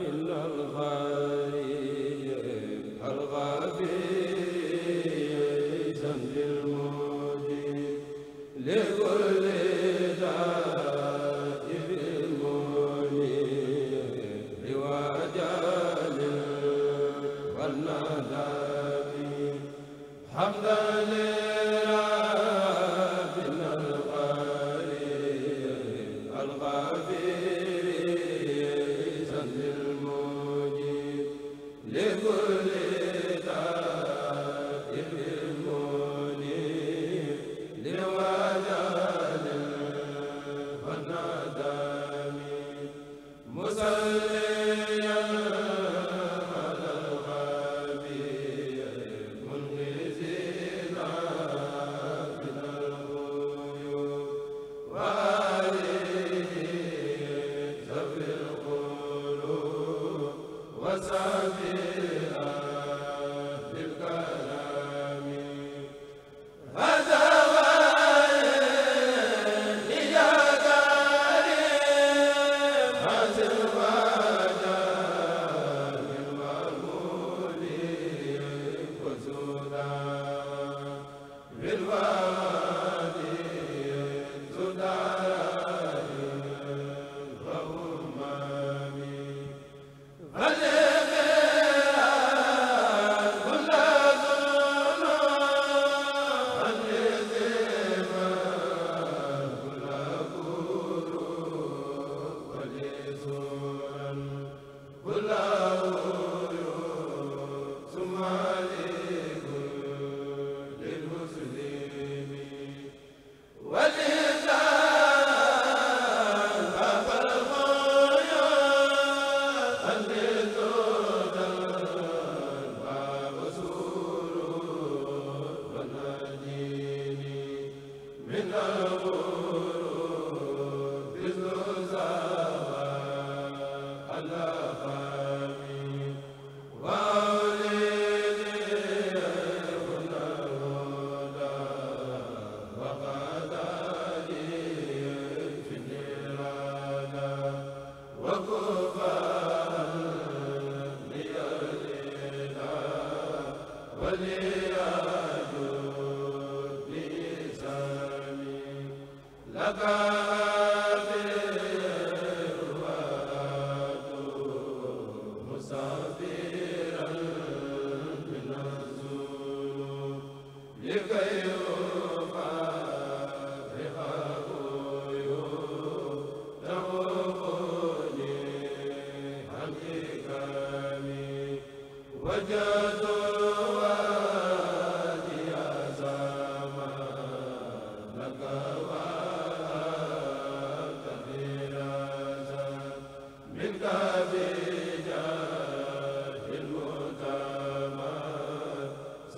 إلا الغالب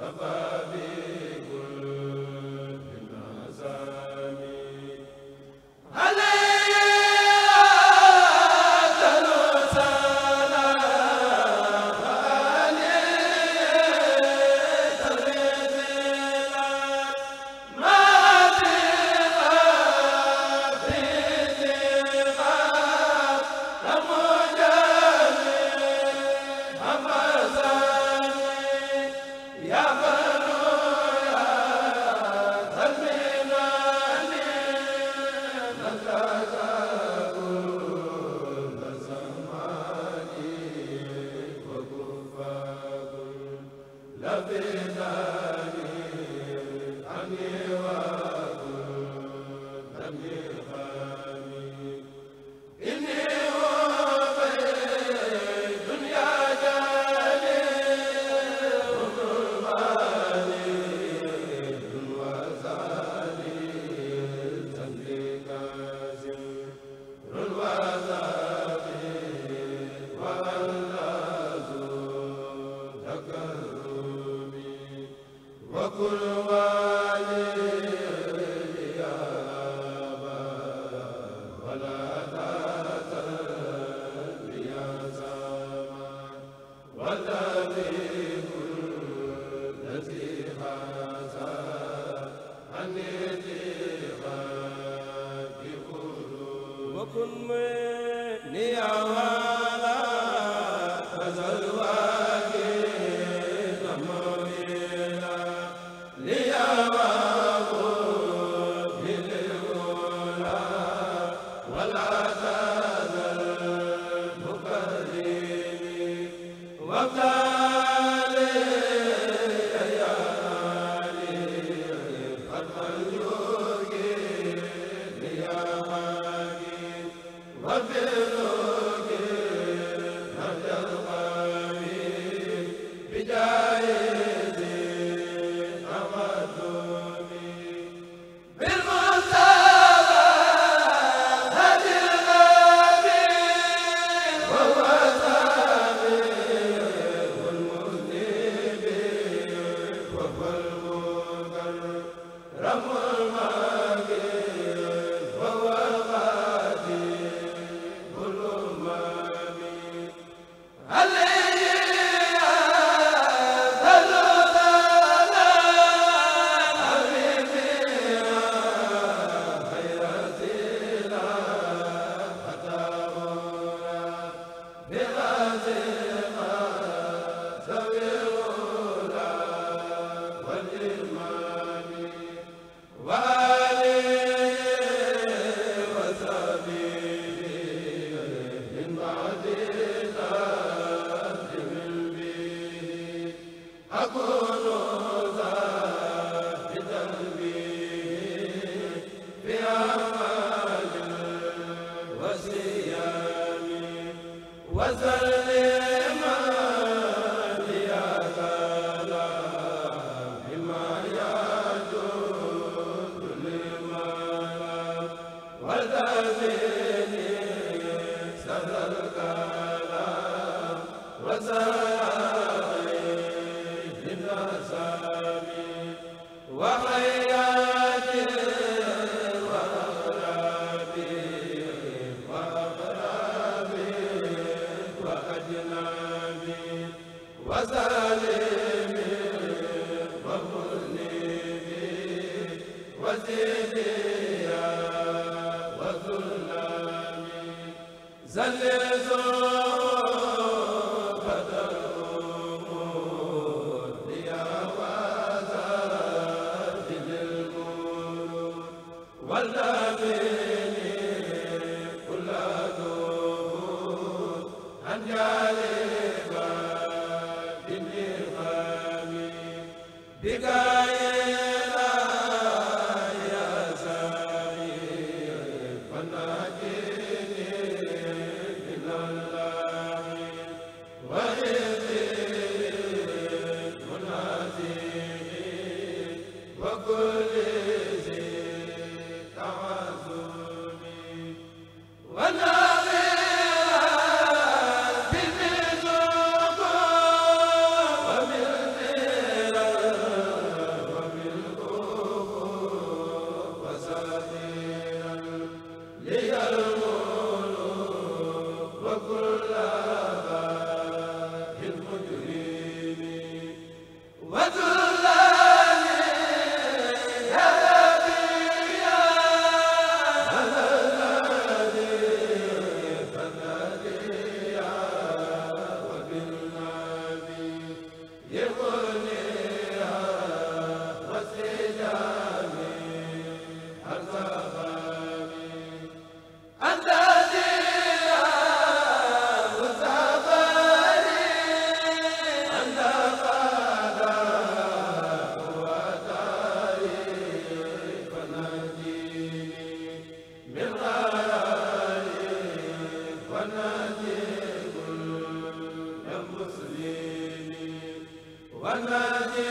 Mustafa wa wasali wa ونادي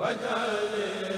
wajal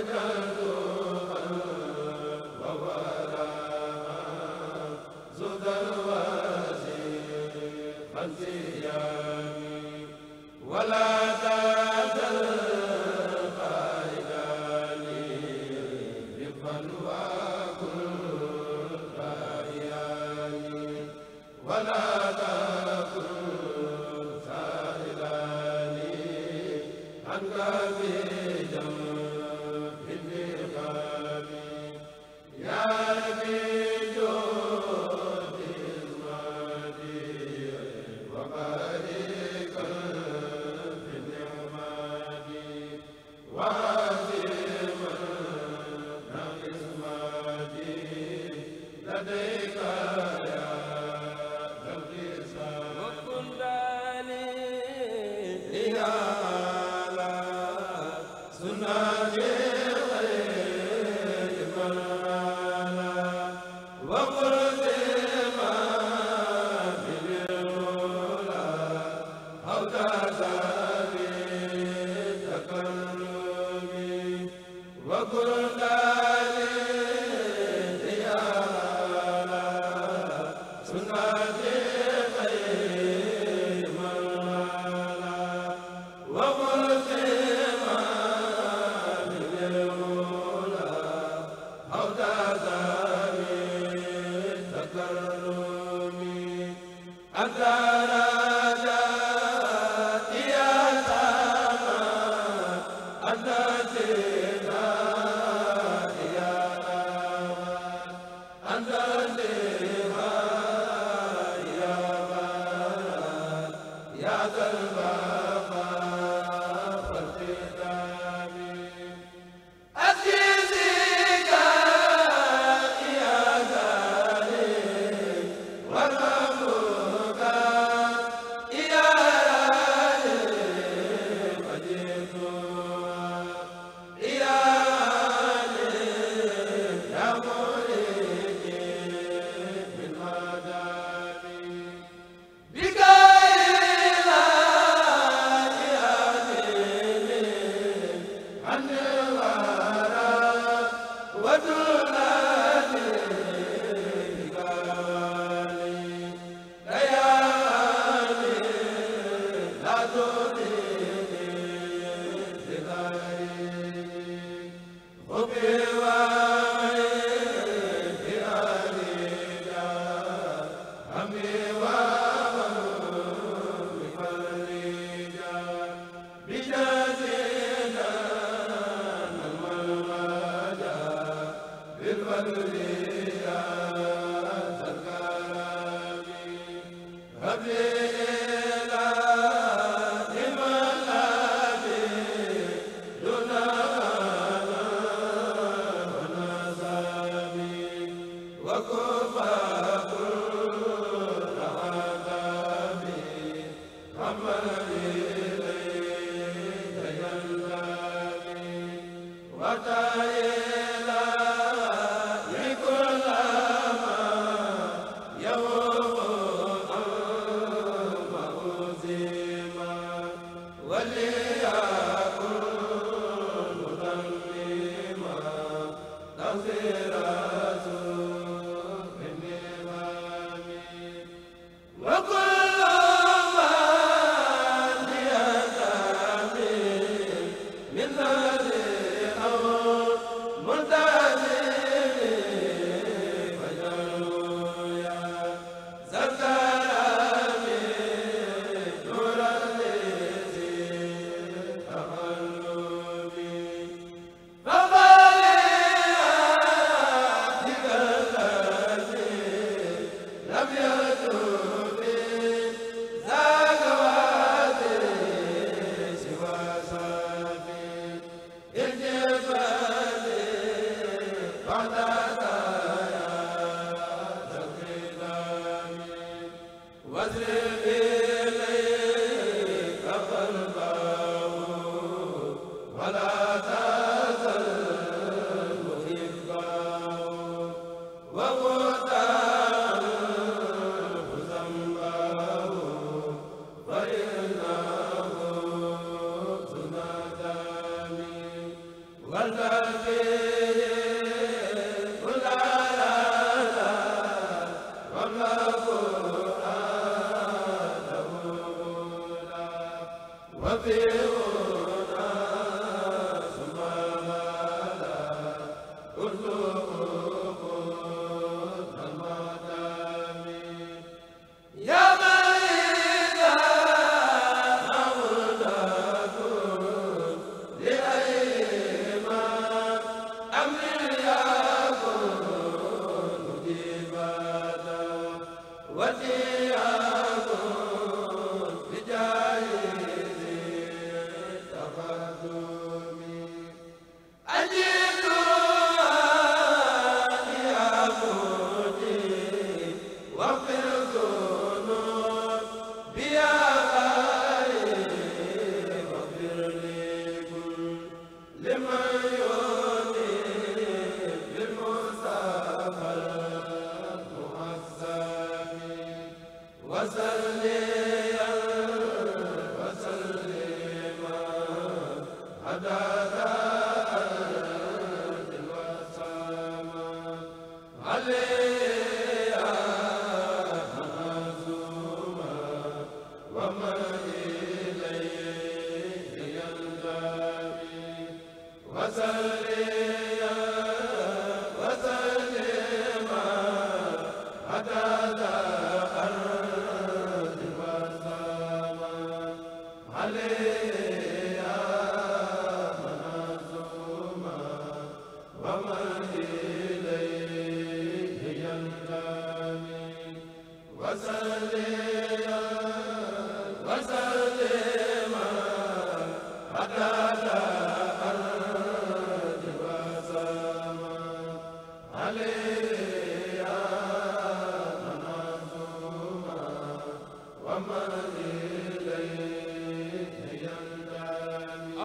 wajal